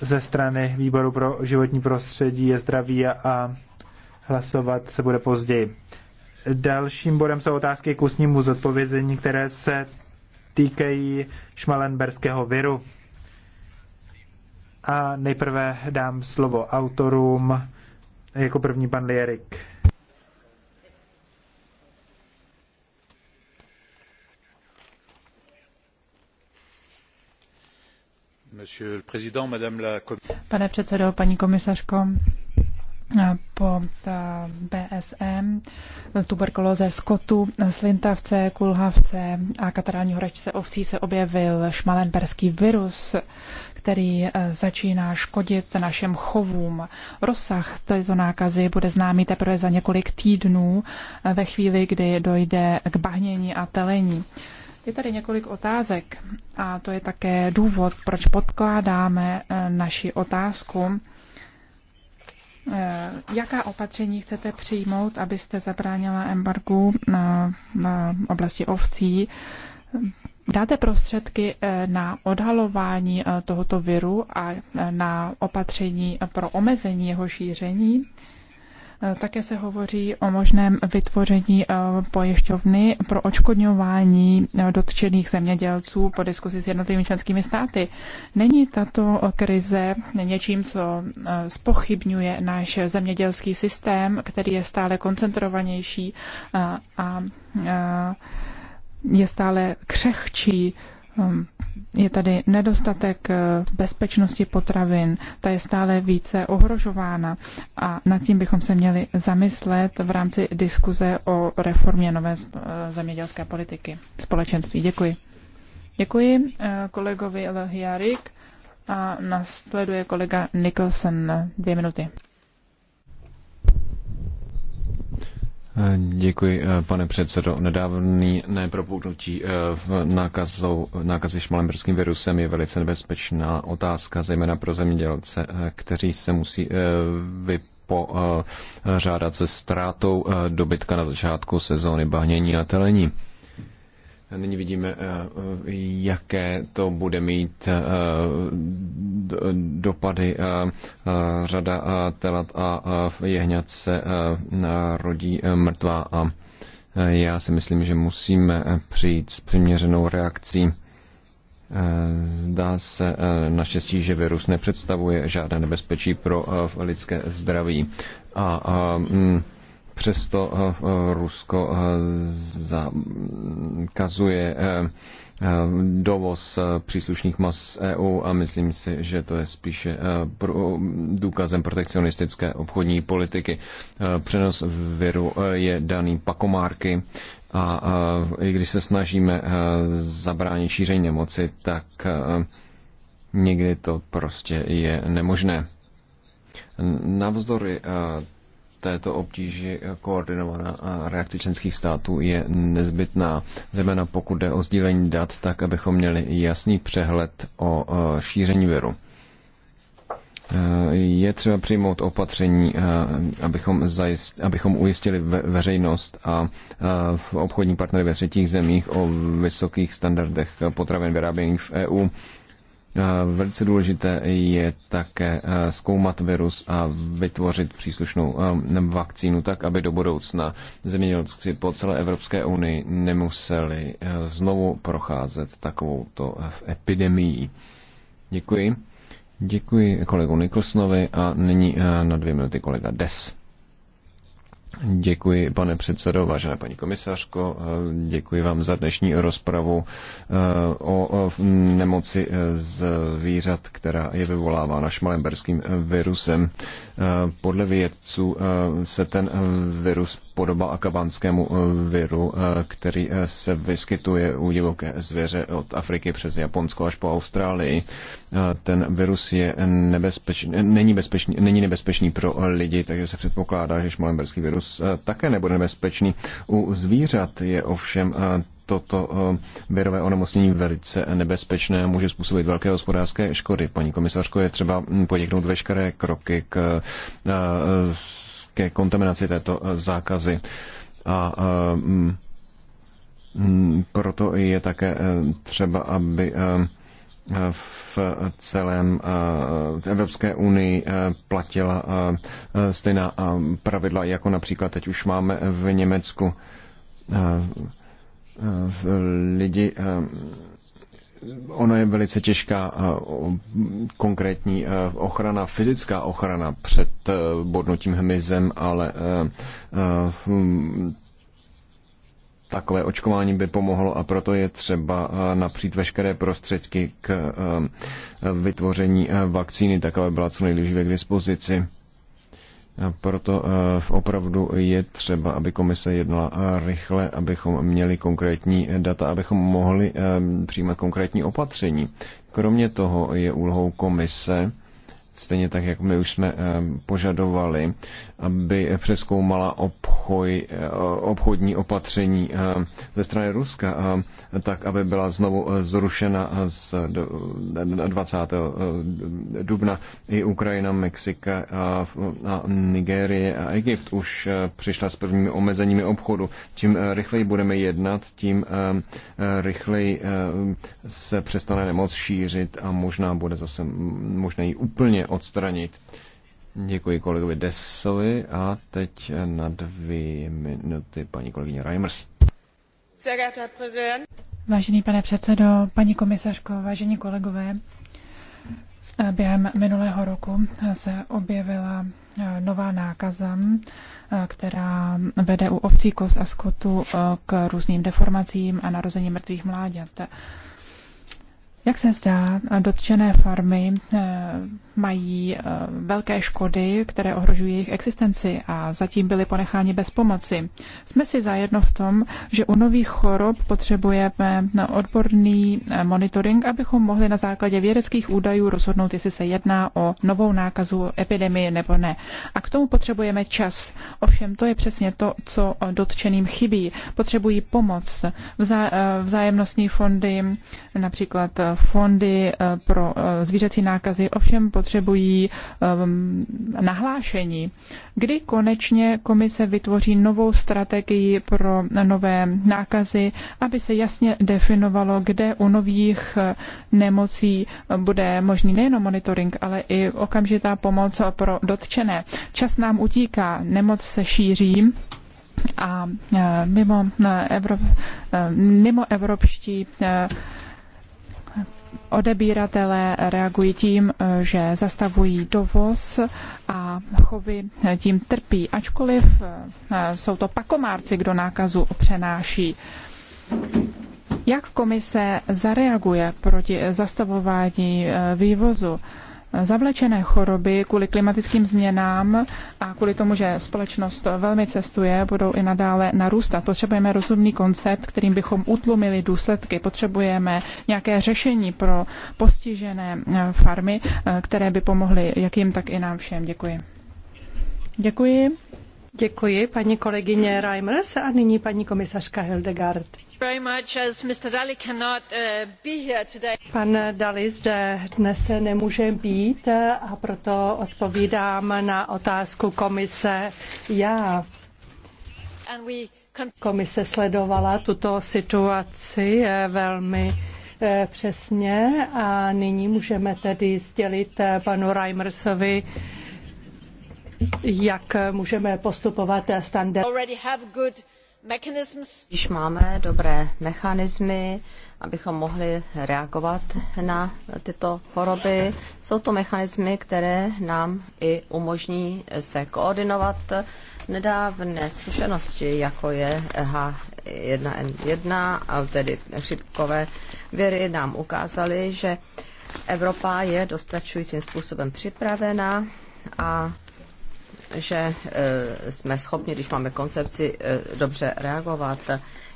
ze strany Výboru pro životní prostředí je zdraví a hlasovat se bude později. Dalším bodem jsou otázky k ústnímu zodpovězení, které se týkají šmalenberského viru. A nejprve dám slovo autorům, jako první pan Lierik. Pane předsedo, paní komisařko, po eh, BSM, tuberkulóze skotu, slintavce, kulhavce a katarální horečce ovcí se objevil šmalenberský virus, který eh, začíná škodit našim chovům. Rozsah této nákazy bude známý teprve za několik týdnů eh, ve chvíli, kdy dojde k bahnění a telení. Je tady několik otázek a to je také důvod, proč podkládáme eh, naši otázku. Eh, jaká opatření chcete přijmout, abyste zabránila embargu na, na oblasti ovcí? Dáte prostředky eh, na odhalování tohoto viru a na opatření pro omezení jeho šíření? Eh, také se hovoří o možném vytvoření eh, pojišťovny pro očkodňování eh, dotčených zemědělců po diskusi s jednotlivými členskými státy. Není tato krize něčím, co spochybňuje náš zemědělský systém, který je stále koncentrovanější a, a je stále křehčí Ehm, je tady nedostatek eh, bezpečnosti potravin, ta je stále více ohrožována a nad tím bychom se měli zamyslet v rámci diskuze o reformě nové eh, zemědělské politiky společenství. Děkuji. Děkuji eh, kolegovi Elhiarik a nasleduje kolega Nicholson dvě minuty. Děkuji, eh, pane předsedo. Nedávný nepropoutnutí eh, nákazou, nákazy šmalemberským virusem je velice nebezpečná otázka, zejména pro zemědělce, eh, kteří se musí vypořádat se ztrátou dobytka na začátku sezóny bahnění a telení. Nyní vidíme, eh, eh, jaké to bude mít eh, dopady. Řada telat a jehňat se rodí mrtvá a já si myslím, že musíme přijít s přiměřenou reakcí. Zdá se naštěstí, že virus nepředstavuje žádné nebezpečí pro lidské zdraví. A, a mm, Přesto eh, eh, Rusko eh, zakazuje dovoz příslušných mas EU a myslím si, že to je spíše důkazem protekcionistické obchodní politiky. Přenos viru je daný pakomárky a i když se snažíme zabránit šíření nemoci, tak někdy to prostě je nemožné. Navzdory této obtíži koordinovaná reakce členských států je nezbytná, zejména pokud jde o sdílení dat, tak abychom měli jasný přehled o e, šíření viru. E, je třeba přijmout opatření, e, abychom, zajist, abychom ujistili veřejnost a v obchodní partnery ve třetích zemích o vysokých standardech potravin vyráběných v EU Eh, velice důležité je také eh, zkoumat virus a vytvořit příslušnou eh, vakcínu tak, aby do budoucna zemědělci po celé Evropské unii nemuseli znovu procházet takovouto epidemií. Děkuji. Děkuji kolegu Niklsnovi a nyní na dvě minuty kolega Des. Děkuji, pane předsedo, vážená paní komisařko, eh, děkuji vám za dnešní rozpravu eh, o nemoci eh, zvířat, která je vyvolávána šmalemberským virusem. Podle vědců se ten virus podobá akavanskému eh, viru, eh, který eh, se vyskytuje u divoké zvěře od Afriky přes Japonsko až po Austrálii. Ten virus je nebezpečný, není, bezpečný, není nebezpečný pro lidi, takže se předpokládá, že šmalemberský virus také nebude nebezpečný. U zvířat je ovšem toto virové onemocnění velice nebezpečné a může způsobit velké hospodářské škody. Paní komisařko, je třeba hm, poděknout veškeré kroky k ke kontaminaci této eh, zákazy. A eh, mm, mm, proto je také eh, třeba, aby v celém v Evropské unii platila stejná pravidla, jako například teď už máme v Německu lidi Ono je velice těžká eh, konkrétní eh, ochrana, fyzická ochrana před eh, bodnutím hmyzem, ale mm, takové očkování by pomohlo a proto je třeba napřít veškeré prostředky k vytvoření vakcíny, tak aby byla co nejdříve k dispozici. Proto eh, opravdu je třeba, aby komise jednala eh, rychle, abychom měli konkrétní eh, data, abychom mohli přijímat konkrétní opatření. Kromě toho je úlohou komise stejně tak, jak my už jsme eh, požadovali, aby přeskoumala obchoj, eh, obchodní opatření eh, ze strany Ruska, tak aby byla znovu zrušena z 20. dubna. I Ukrajina, Mexika a Nigérie a Egypt už přišla s prvními omezeními obchodu. Čím rychleji budeme jednat, tím rychleji se přestane nemoc šířit a možná bude zase možná ji úplně odstranit. Děkuji kolegovi Desovi a teď na dvě minuty paní kolegyně Reimers. Vážený pane předsedo, paní komisařko, vážení kolegové, během minulého roku se objevila eh, nová nákaza, eh, která vede u ovcí, kos a skotu eh, k různým deformacím a narození mrtvých mláďat. Jak se zdá, dotčené farmy eh, mají eh, velké škody, které ohrožují jejich existenci a zatím byly ponecháni bez pomoci. Jsme si zajedno v tom, že u nových chorob potřebujeme eh, odborný monitoring, abychom mohli na základě vědeckých údajů rozhodnout, jestli se jedná o novou nákazu, epidemie nebo ne. A k tomu potřebujeme čas. Ovšem, to je přesně to, co dotčeným chybí. Potřebují pomoc, vzájemnostní fondy, například fondy eh, pro eh, zvířecí nákazy ovšem potřebují ehm, nahlášení. Kdy konečně komise vytvoří novou strategii pro nové nákazy, aby se jasně definovalo, kde u nových eh, nemocí bude možný nejenom monitoring, ale i okamžitá pomoc pro dotčené. Čas nám utíká, nemoc se šíří a mimo, Evrop, mimo evropští odebíratelé reagují tím, že zastavují dovoz a chovy tím trpí, ačkoliv eh, jsou to pakomárci, kdo nákazu přenáší. Jak komise zareaguje proti zastavování eh, vývozu? zavlečené choroby kvůli klimatickým změnám a kvůli tomu, že společnost velmi cestuje, budou i nadále narůstat. Potřebujeme rozumný koncept, kterým bychom utlumili důsledky. Potřebujeme nějaké řešení pro postižené eh, farmy, eh, které by pomohly jak jim, tak i nám všem. Děkuji. Děkuji. Děkuji, paní kolegyně Reimers a nyní paní komisařka Hildegard. Pan Dali zde dnes nemůže být a proto odpovídám na otázku komise já. Komise sledovala tuto situaci eh, velmi eh, přesně a nyní můžeme tedy sdělit eh, panu Reimersovi, jak můžeme postupovat standardně. Již máme dobré mechanismy, abychom mohli reagovat na tyto choroby. Jsou to mechanismy, které nám i umožní se koordinovat nedávné zkušenosti, jako je H1N1, a tedy chřipkové viry, nám ukázaly, že Evropa je dostačujícím způsobem připravena a že e, jsme schopni, když máme koncepci, e, dobře reagovat.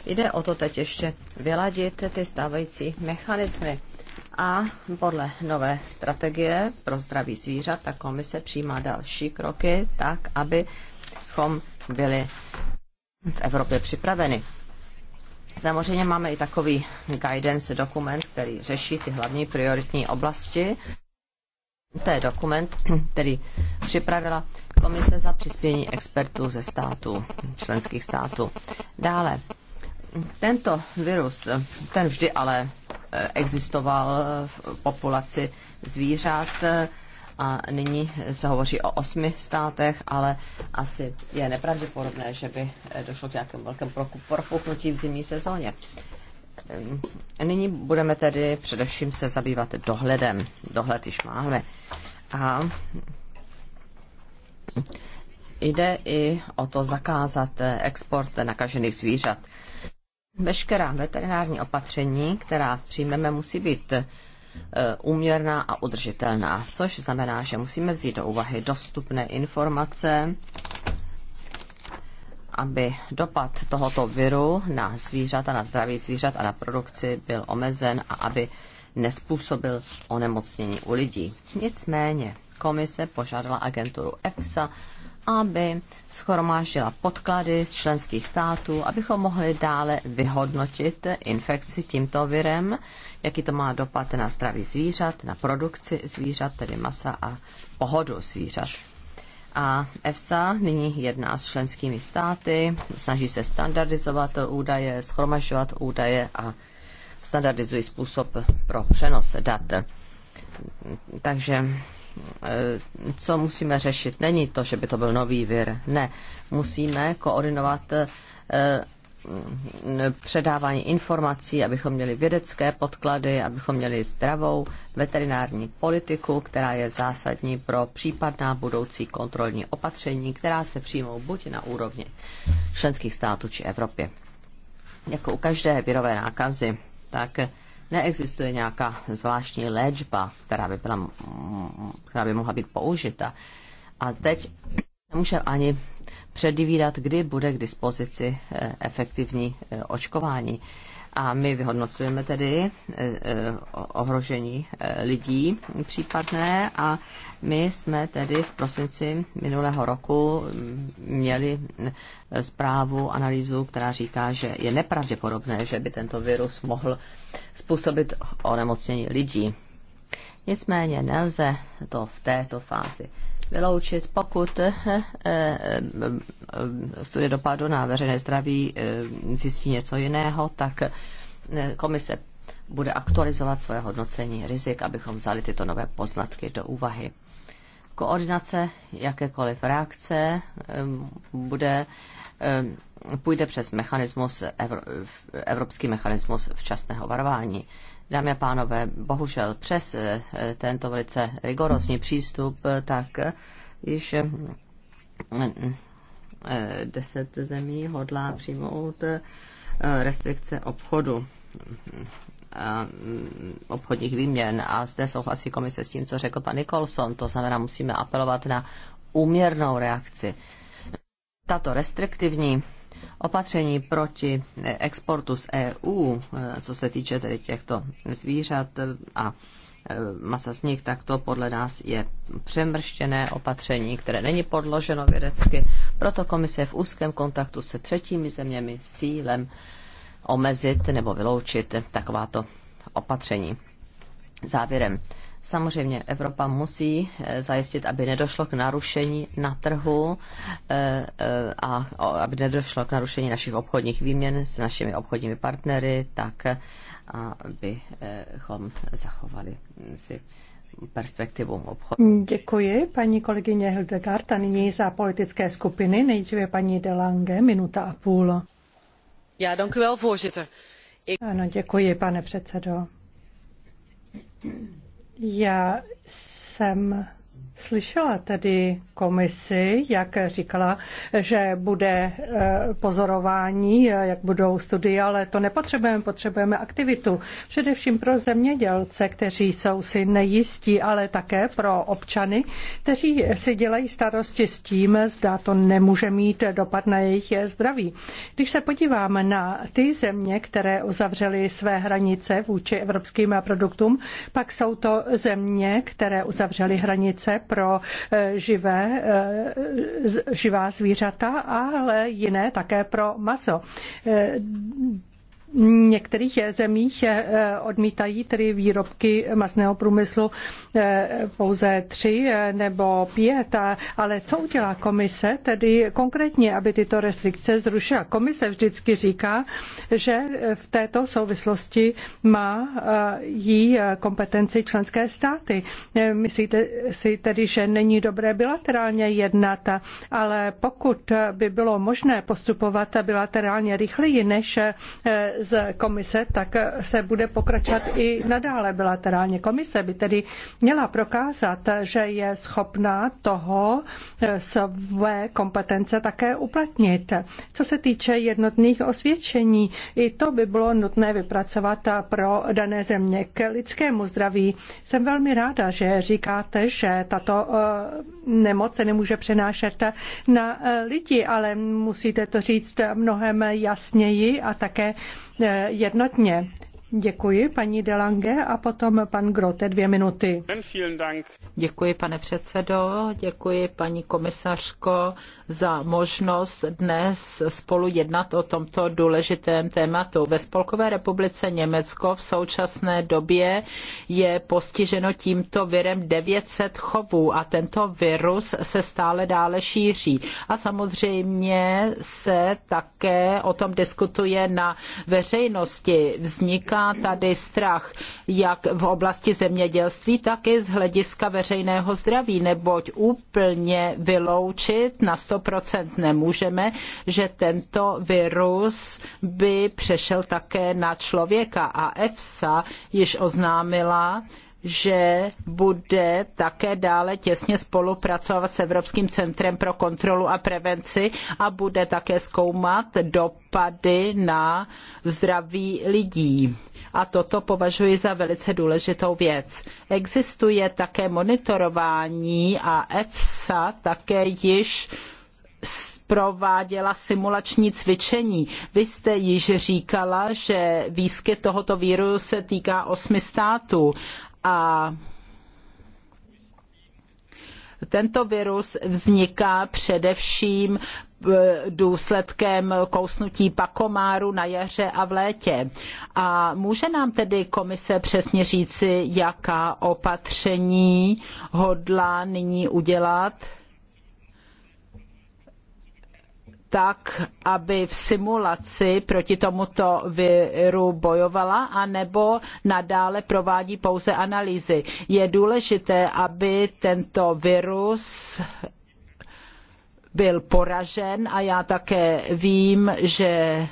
Jde o to teď ještě vyladit ty stávající mechanismy. A podle nové strategie pro zdraví zvířat ta komise přijímá další kroky tak, abychom byli v Evropě připraveni. Samozřejmě máme i takový guidance dokument, který řeší ty hlavní prioritní oblasti. To je dokument, který připravila komise za přispění expertů ze států, členských států. Dále, tento virus, ten vždy ale eh, existoval v populaci zvířat eh, a nyní se hovoří o osmi státech, ale asi je nepravděpodobné, že by eh, došlo k nějakému velkému profuknutí v zimní sezóně. Ehm, nyní budeme tedy především se zabývat dohledem. Dohled již máme. A Jde i o to zakázat eh, export nakažených zvířat. Veškerá veterinární opatření, která přijmeme, musí být eh, úměrná a udržitelná, což znamená, že musíme vzít do úvahy dostupné informace, aby dopad tohoto viru na zvířata, na zdraví zvířat a na produkci byl omezen a aby nespůsobil onemocnění u lidí. Nicméně komise požádala agenturu EFSA, aby schromáždila podklady z členských států, abychom mohli dále vyhodnotit infekci tímto virem, jaký to má dopad na zdraví zvířat, na produkci zvířat, tedy masa a pohodu zvířat. A EFSA nyní jedná s členskými státy, snaží se standardizovat údaje, schromažďovat údaje a standardizují způsob pro přenos dat. Takže Eh, co musíme řešit. Není to, že by to byl nový vir. Ne. Musíme koordinovat eh, předávání informací, abychom měli vědecké podklady, abychom měli zdravou veterinární politiku, která je zásadní pro případná budoucí kontrolní opatření, která se přijmou buď na úrovni členských států či Evropy. Jako u každé virové nákazy, tak neexistuje nějaká zvláštní léčba, která by, byla, která by mohla být použita. A teď nemůže ani předvídat, kdy bude k dispozici eh, efektivní eh, očkování. A my vyhodnocujeme tedy e, e, ohrožení e, lidí případné a my jsme tedy v prosinci minulého roku mm, měli zprávu, analýzu, která říká, že je nepravděpodobné, že by tento virus mohl způsobit onemocnění lidí. Nicméně nelze to v této fázi vyloučit, pokud eh, eh, eh, studie dopadu na veřejné zdraví zjistí něco jiného, tak komise bude aktualizovat svoje hodnocení rizik, abychom vzali tyto nové poznatky do úvahy. Koordinace jakékoliv reakce bude, půjde přes mechanismus, evropský mechanismus včasného varování. Dámy a pánové, bohužel přes eh, tento velice rigorózní přístup, eh, tak eh, již deset zemí hodlá přijmout restrikce obchodu obchodních výměn a zde souhlasí komise s tím, co řekl pan Nicholson, to znamená, musíme apelovat na úměrnou reakci. Tato restriktivní opatření proti exportu z EU, eh, co se týče tedy těchto zvířat eh, a eh, masa z nich, tak to podle nás je přemrštěné opatření, které není podloženo vědecky. Proto komise je v úzkém kontaktu se třetími zeměmi s cílem omezit nebo vyloučit takováto opatření. Závěrem Samozřejmě Evropa musí eh, zajistit, aby nedošlo k narušení na trhu eh, eh, a aby nedošlo k narušení našich obchodních výměn s našimi obchodními partnery, tak abychom zachovali hm, si perspektivu obchodu. Děkuji paní kolegyně Hildegard a nyní za politické skupiny. Nejdříve paní Delange, minuta a půl. Já, děkuji u wel, Ano, děkuji, pane předsedo. Já jsem Slyšela tedy komisi, jak říkala, že bude e, pozorování, e, jak budou studie, ale to nepotřebujeme, potřebujeme aktivitu. Především pro zemědělce, kteří jsou si nejistí, ale také pro občany, kteří si dělají starosti s tím, zda to nemůže mít dopad na jejich zdraví. Když se podíváme na ty země, které uzavřely své hranice vůči evropským produktům, pak jsou to země, které uzavřely hranice pro eh, živé, eh, živá zvířata, ale jiné také pro maso. Eh, některých zemích eh, odmítají tedy výrobky masného průmyslu eh, pouze tři eh, nebo pět, ale co udělá komise tedy konkrétně, aby tyto restrikce zrušila? Komise vždycky říká, že v této souvislosti má jí kompetenci členské státy. Myslíte si tedy, že není dobré bilaterálně jednat, ale pokud by bylo možné postupovat bilaterálně rychleji než z komise, tak se bude pokračovat i nadále bilaterálně. Komise by tedy měla prokázat, že je schopná toho své kompetence také uplatnit. Co se týče jednotných osvědčení, i to by bylo nutné vypracovat pro dané země k lidskému zdraví. Jsem velmi ráda, že říkáte, že tato eh, nemoc se nemůže přenášet na eh, lidi, ale musíte to říct mnohem jasněji a také jednotně. Děkuji, paní Delange, a potom pan Grote, dvě minuty. Děkuji, pane předsedo, děkuji, paní komisařko, za možnost dnes spolu jednat o tomto důležitém tématu. Ve Spolkové republice Německo v současné době je postiženo tímto virem 900 chovů a tento virus se stále dále šíří. A samozřejmě se také o tom diskutuje na veřejnosti. Vzniká narůstá tady strach, jak v oblasti zemědělství, tak i z hlediska veřejného zdraví, neboť úplně vyloučit na 100% nemůžeme, že tento virus by přešel také na člověka. A EFSA již oznámila, že bude také dále těsně spolupracovat s Evropským centrem pro kontrolu a prevenci a bude také zkoumat dopady na zdraví lidí. A toto považuji za velice důležitou věc. Existuje také monitorování a EFSA také již prováděla simulační cvičení. Vy jste již říkala, že výskyt tohoto víru se týká osmi států a tento virus vzniká především e, důsledkem kousnutí pakomáru na jaře a v létě. A může nám tedy komise přesně říci, jaká opatření hodlá nyní udělat? tak, aby v simulaci proti tomuto viru bojovala, anebo nadále provádí pouze analýzy. Je důležité, aby tento virus byl poražen a já také vím, že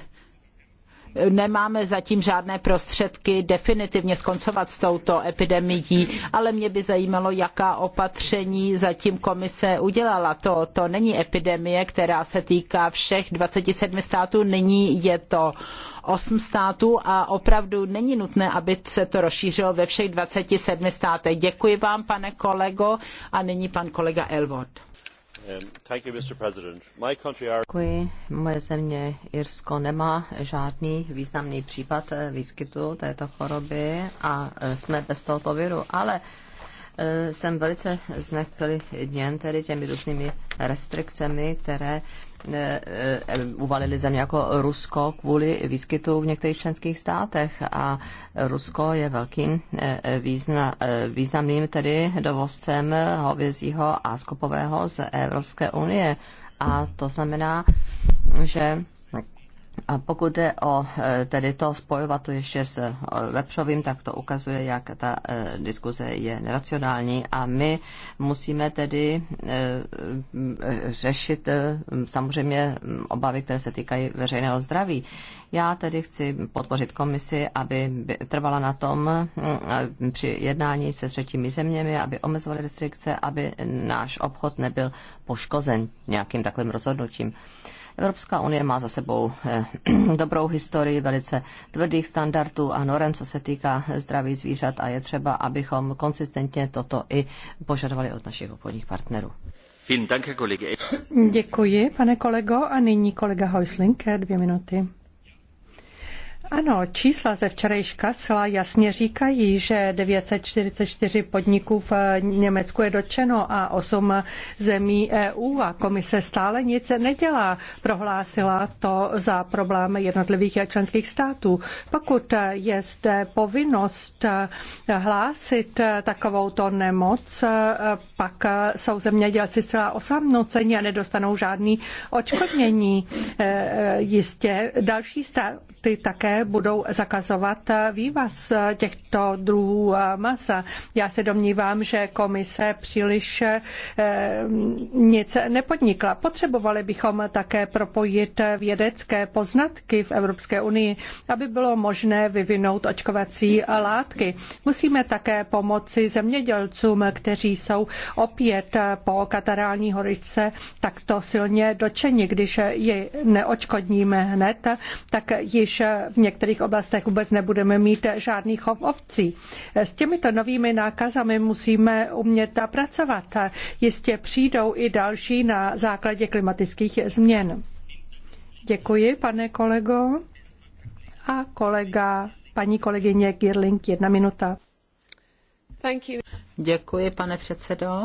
nemáme zatím žádné prostředky definitivně skoncovat s touto epidemií, ale mě by zajímalo, jaká opatření zatím komise udělala. To, to není epidemie, která se týká všech 27 států, nyní je to osm států a opravdu není nutné, aby se to rozšířilo ve všech 27 státech. Děkuji vám, pane kolego, a nyní pan kolega Elwood. Um, Děkuji. Moje země Irsko nemá žádný významný případ eh, výskytu této choroby a eh, jsme bez tohoto viru, ale eh, jsem velice znepilněn tedy těmi různými restrikcemi, které E, e, uvalili země jako Rusko kvůli výskytu v některých členských státech a Rusko je velkým e, významným tedy dovozcem hovězího a skopového z Evropské unie. A to znamená, že a pokud jde o e, tedy to spojovat to ještě s e, Lepšovým, tak to ukazuje, jak ta e, diskuze je neracionální a my musíme tedy řešit samozřejmě obavy, které se týkají veřejného zdraví. Já tedy chci podpořit komisi, aby trvala na tom při jednání se třetími zeměmi, aby omezovaly restrikce, aby náš obchod nebyl poškozen nějakým takovým rozhodnutím. Evropská unie má za sebou eh, dobrou historii velice tvrdých standardů a norem, co se týká zdraví zvířat a je třeba, abychom konsistentně toto i požadovali od našich obchodních partnerů. Děkuji, pane kolego. A nyní kolega Heusling, dvě minuty. Ano, čísla ze včerejška zcela jasně říkají, že 944 podniků v Německu je dotčeno a 8 zemí EU a komise stále nic nedělá. Prohlásila to za problém jednotlivých členských států. Pokud je zde povinnost hlásit takovouto nemoc, pak jsou zemědělci zcela osamnoceni a nedostanou žádný očkodnění. E, e, jistě další stát ty také budou zakazovat vývaz těchto druhů masa. Já se domnívám, že komise příliš eh, nic nepodnikla. Potřebovali bychom také propojit vědecké poznatky v Evropské unii, aby bylo možné vyvinout očkovací látky. Musíme také pomoci zemědělcům, kteří jsou opět po katarální horice takto silně dočeni. Když je neočkodníme hned, tak již když v některých oblastech vůbec nebudeme mít žádný chov ovcí. S těmito novými nákazami musíme umět pracovat. Jistě přijdou i další na základě klimatických změn. Děkuji, pane kolego. A kolega, paní kolegyně Girling, jedna minuta. Děkuji, pane předsedo.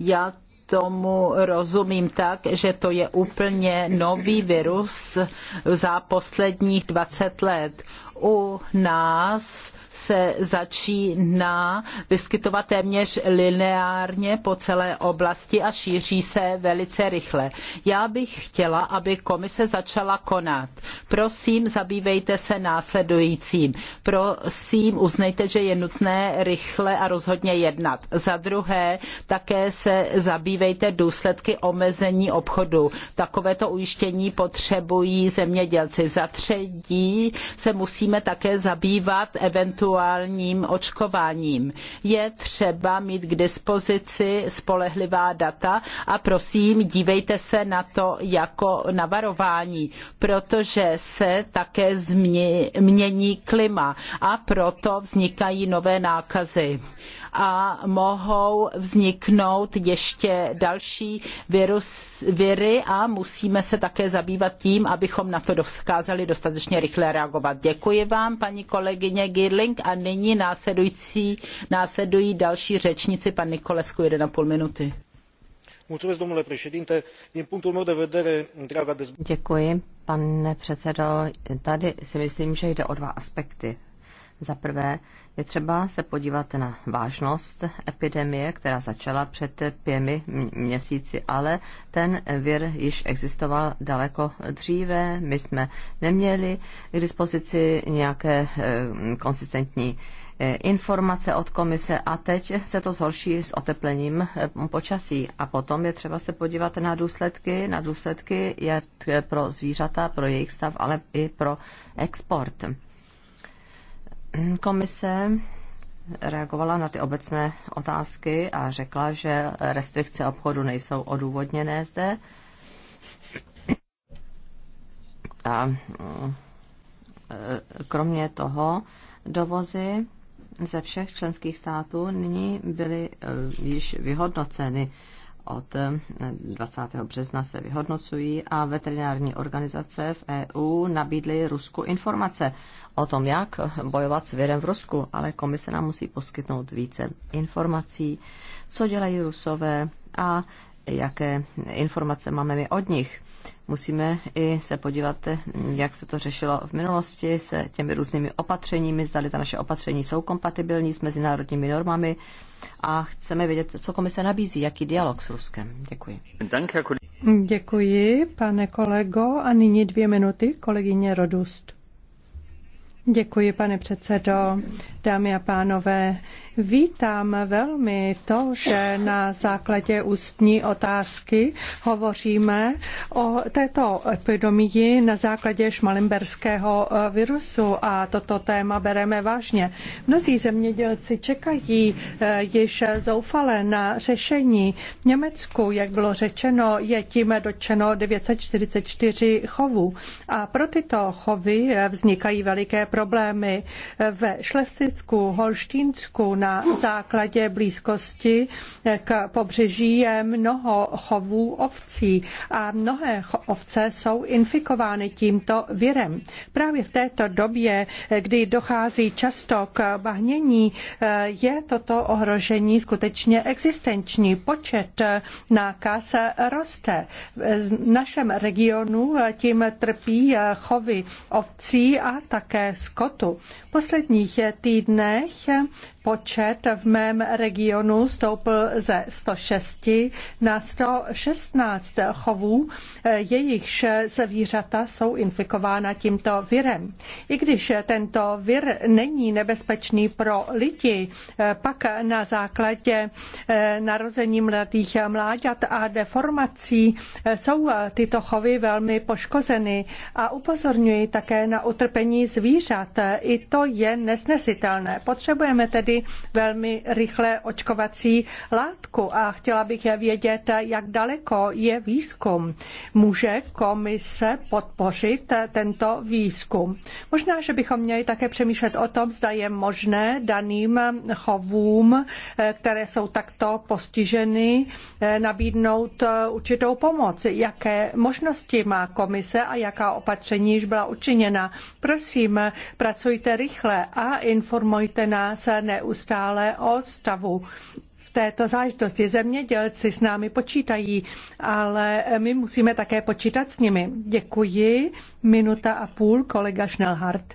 Já tomu rozumím tak, že to je úplně nový virus za posledních 20 let. U nás se začíná vyskytovat téměř lineárně po celé oblasti a šíří se velice rychle. Já bych chtěla, aby komise začala konat. Prosím, zabývejte se následujícím. Prosím, uznejte, že je nutné rychle a rozhodně jednat. Za druhé, také se zabývejte důsledky omezení obchodu. Takovéto ujištění potřebují zemědělci. Za třetí se musíme také zabývat eventuálně virtuálním očkováním. Je třeba mít k dispozici spolehlivá data a prosím, dívejte se na to jako na varování, protože se také změní klima a proto vznikají nové nákazy a mohou vzniknout ještě další virus, viry a musíme se také zabývat tím, abychom na to dokázali dostatečně rychle reagovat. Děkuji vám, paní kolegyně Girling. Lösing a nyní následující, následují další řečníci, pan Nikolesku, 1,5 minuty. Děkuji, pane předsedo. Tady si myslím, že jde o dva aspekty za prvé je třeba se podívat na vážnost epidemie, která začala před pěmi měsíci, ale ten vir již existoval daleko dříve. My jsme neměli k dispozici nějaké eh, konsistentní eh, informace od komise a teď se to zhorší s oteplením eh, počasí. A potom je třeba se podívat na důsledky, na důsledky jak pro zvířata, pro jejich stav, ale i pro export. Komise reagovala na ty obecné otázky a řekla, že restrikce obchodu nejsou odůvodněné zde. A e, kromě toho dovozy ze všech členských států nyní byly e, již vyhodnoceny od 20. Eh, března se vyhodnocují a veterinární organizace v EU nabídly Rusku informace o tom, jak bojovat s virem v Rusku, ale komise nám musí poskytnout více informací, co dělají Rusové a jaké informace máme my od nich musíme i se podívat, jak se to řešilo v minulosti se těmi různými opatřeními, zdali ta naše opatření jsou kompatibilní s mezinárodními normami a chceme vědět, co komise nabízí, jaký dialog s Ruskem. Děkuji. Děkuji, pane kolego. A nyní dvě minuty, kolegyně Rodust. Děkuji, pane předsedo. Dámy a pánové, Vítám velmi to, že na základě ústní otázky hovoříme o této epidemii na základě šmalimberského eh, virusu a toto téma bereme vážně. Mnozí zemědělci čekají eh, již zoufale na řešení. V Německu, jak bylo řečeno, je tím dotčeno 944 chovů a pro tyto chovy eh, vznikají veliké problémy. Ve Šlesicku, Holštínsku, na základě blízkosti k pobřeží je mnoho chovů ovcí a mnohé ovce jsou infikovány tímto virem. Právě v této době, kdy dochází často k bahnění, je toto ohrožení skutečně existenční. Počet nákaz roste. V našem regionu tím trpí chovy ovcí a také skotu. V posledních týdnech počet v mém regionu stoupl ze 106 na 116 chovů, jejichž zvířata jsou infikována tímto virem. I když tento vir není nebezpečný pro lidi, pak na základě eh, narození mladých mláďat a deformací eh, jsou tyto chovy velmi poškozeny a upozorňuji také na utrpení zvířat. I to je nesnesitelné. Potřebujeme tedy tedy velmi rychle očkovací látku a chtěla bych je vědět, jak daleko je výzkum. Může komise podpořit tento výzkum? Možná, že bychom měli také přemýšlet o tom, zda je možné daným chovům, které jsou takto postiženy, nabídnout určitou pomoc. Jaké možnosti má komise a jaká opatření již byla učiněna? Prosím, pracujte rychle a informujte nás ne neustále o stavu v této záležitosti. Zemědělci s námi počítají, ale my musíme také počítat s nimi. Děkuji. Minuta a půl, kolega Schnellhardt.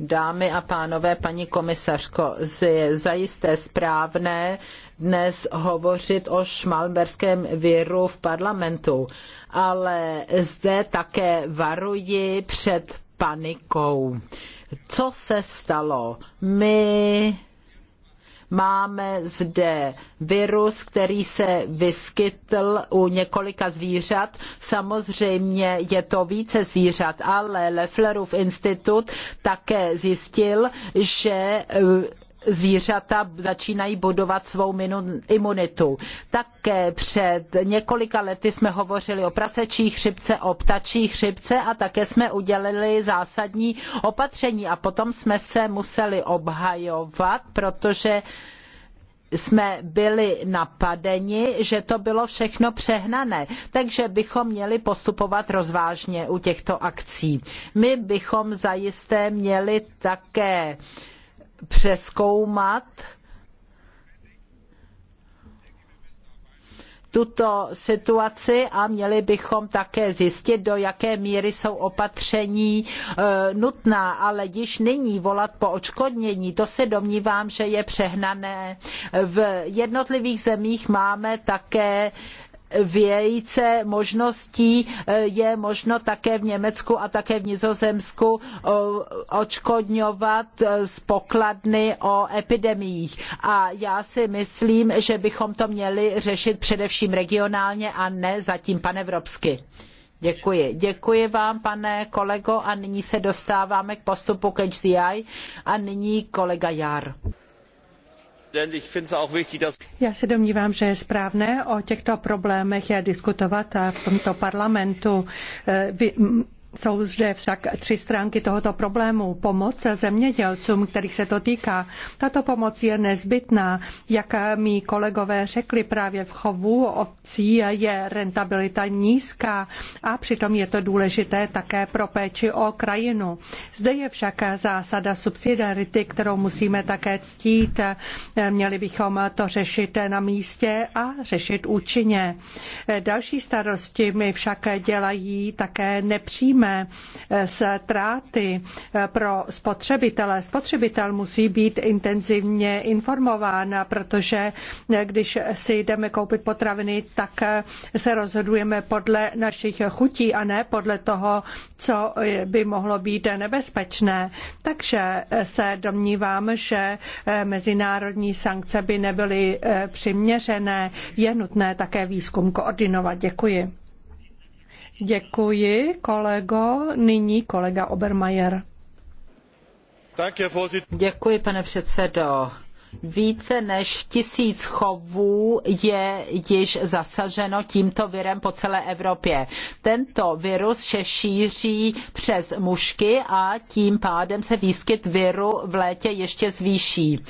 Dámy a pánové, paní komisařko, je zajisté správné dnes hovořit o šmalberském věru v parlamentu, ale zde také varuji před panikou. Co se stalo? My máme zde virus, který se vyskytl u několika zvířat. Samozřejmě je to více zvířat, ale Lefflerův institut také zjistil, že eh, zvířata začínají budovat svou imunitu. Také před několika lety jsme hovořili o prasečí chřipce, o ptačí chřipce a také jsme udělali zásadní opatření a potom jsme se museli obhajovat, protože jsme byli napadeni, že to bylo všechno přehnané. Takže bychom měli postupovat rozvážně u těchto akcí. My bychom zajisté měli také uh, přeskoumat tuto situaci a měli bychom také zjistit, do jaké míry jsou opatření e, nutná, ale již nyní volat po očkodnění, to se domnívám, že je přehnané. V jednotlivých zemích máme také vějce možností eh, je možno také v Německu a také v Nizozemsku eh, očkodňovat eh, z pokladny o epidemiích. A já si myslím, že bychom to měli řešit především regionálně a ne zatím panevropsky. Děkuji. Děkuji vám, pane kolego, a nyní se dostáváme k postupu Catch a nyní kolega Jar. Já se domnívám, že je správné o těchto problémech je diskutovat v tomto parlamentu. Eh, jsou zde však tři stránky tohoto problému. Pomoc zemědělcům, kterých se to týká. Tato pomoc je nezbytná. Jak mi kolegové řekli, právě v chovu ovcí je rentabilita nízká a přitom je to důležité také pro péči o krajinu. Zde je však zásada subsidiarity, kterou musíme také ctít. Měli bychom to řešit na místě a řešit účinně. Další starosti mi však dělají také nepřímé přímé ztráty eh, eh, pro spotřebitele. Spotřebitel musí být intenzivně informován, protože eh, když si jdeme koupit potraviny, tak se rozhodujeme podle našich chutí a ne podle toho, co by mohlo být nebezpečné. Takže se domnívám, že mezinárodní sankce by nebyly přiměřené. Je nutné také výzkum koordinovat. Děkuji. Děkuji, kolego. Nyní kolega Obermajer. Děkuji, pane předsedo. Více než tisíc chovů je již zasaženo tímto virem po celé Evropě. Tento virus se šíří přes mušky a tím pádem se výskyt viru v létě ještě zvýší.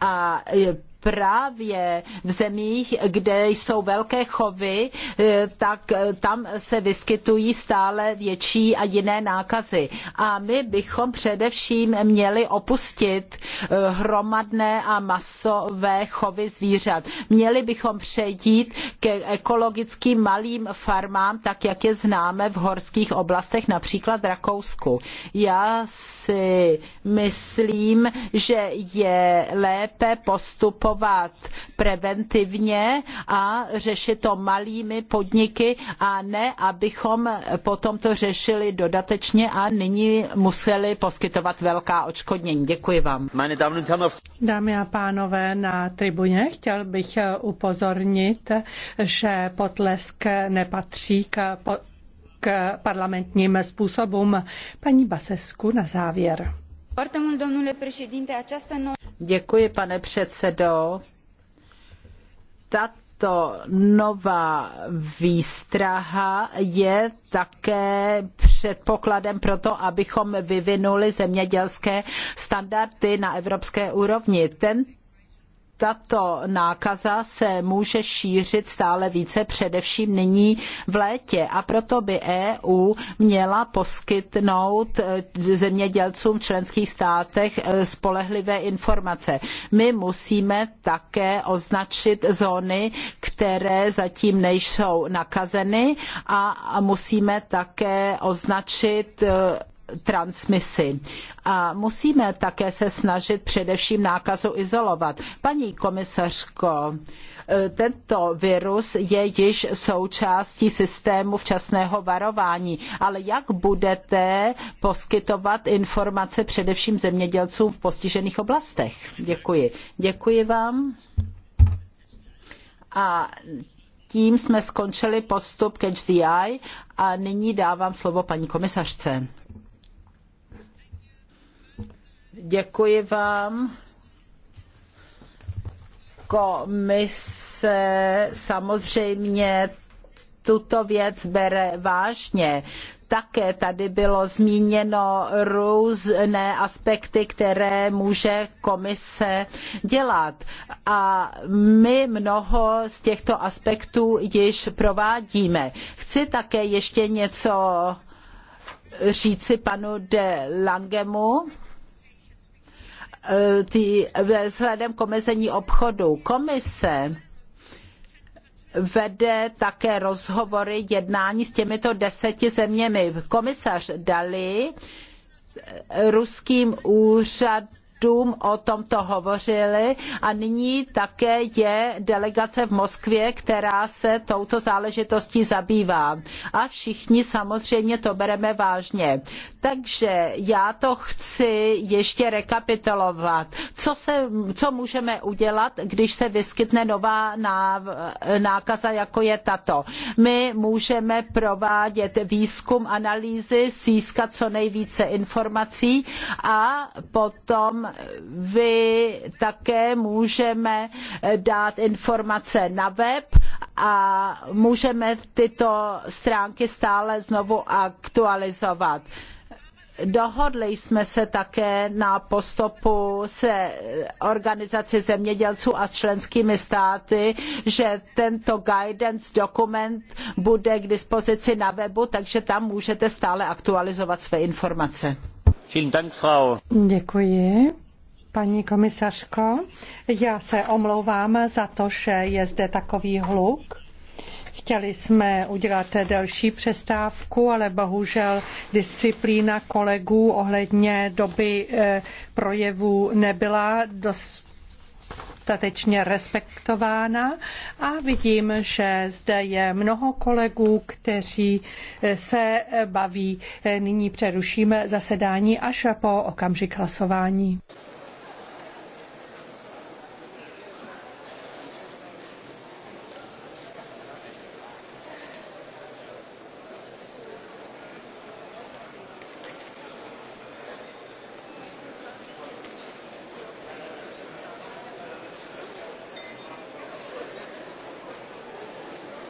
A e, právě v zemích, kde jsou velké chovy, eh, tak eh, tam se vyskytují stále větší a jiné nákazy. A my bychom především měli opustit eh, hromadné a masové chovy zvířat. Měli bychom přejít ke ekologickým malým farmám, tak jak je známe v horských oblastech, například v Rakousku. Já si myslím, že je lépe postupovat postupovat preventivně a řešit to malými podniky a ne, abychom potom to řešili dodatečně a nyní museli poskytovat velká očkodnění. Děkuji vám. Dámy a pánové na tribuně, chtěl bych upozornit, že potlesk nepatří k, po, k parlamentním způsobům. Paní Basesku na závěr pane předsedající Tato nová výstraha je také předpokladem pro to, abychom vyvinuli zemědělské standardy na evropské úrovni. Ten tato nákaza se může šířit stále více, především nyní v létě. A proto by EU měla poskytnout eh, zemědělcům v členských státech eh, spolehlivé informace. My musíme také označit zóny, které zatím nejsou nakazeny a musíme také označit eh, transmisi. A musíme také se snažit především nákazu izolovat. Paní komisařko, e, tento virus je již součástí systému včasného varování, ale jak budete poskytovat informace především zemědělcům v postižených oblastech? Děkuji. Děkuji vám. A tím jsme skončili postup Catch the Eye a nyní dávám slovo paní komisařce. Děkuji vám. Komise samozřejmě tuto věc bere vážně. Také tady bylo zmíněno různé aspekty, které může komise dělat. A my mnoho z těchto aspektů již provádíme. Chci také ještě něco říci panu de Langemu Eh, tý, vzhledem k omezení obchodu. Komise vede také rozhovory, jednání s těmito deseti zeměmi. Komisař Dali eh, ruským úřadům dům o tomto hovořili a nyní také je delegace v Moskvě, která se touto záležitostí zabývá. A všichni samozřejmě to bereme vážně. Takže já to chci ještě rekapitulovat. Co, se, co můžeme udělat, když se vyskytne nová nákaza, jako je tato? My můžeme provádět výzkum, analýzy, získat co nejvíce informací a potom vy také můžeme dát informace na web a můžeme tyto stránky stále znovu aktualizovat. Dohodli jsme se také na postupu se organizací zemědělců a členskými státy, že tento guidance dokument bude k dispozici na webu, takže tam můžete stále aktualizovat své informace. Děkuji. Paní komisařko, já se omlouvám za to, že je zde takový hluk. Chtěli jsme udělat delší přestávku, ale bohužel disciplína kolegů ohledně doby eh, projevu nebyla dostatečně respektována a vidím, že zde je mnoho kolegů, kteří eh, se baví. Eh, nyní přerušíme zasedání až po okamžik hlasování.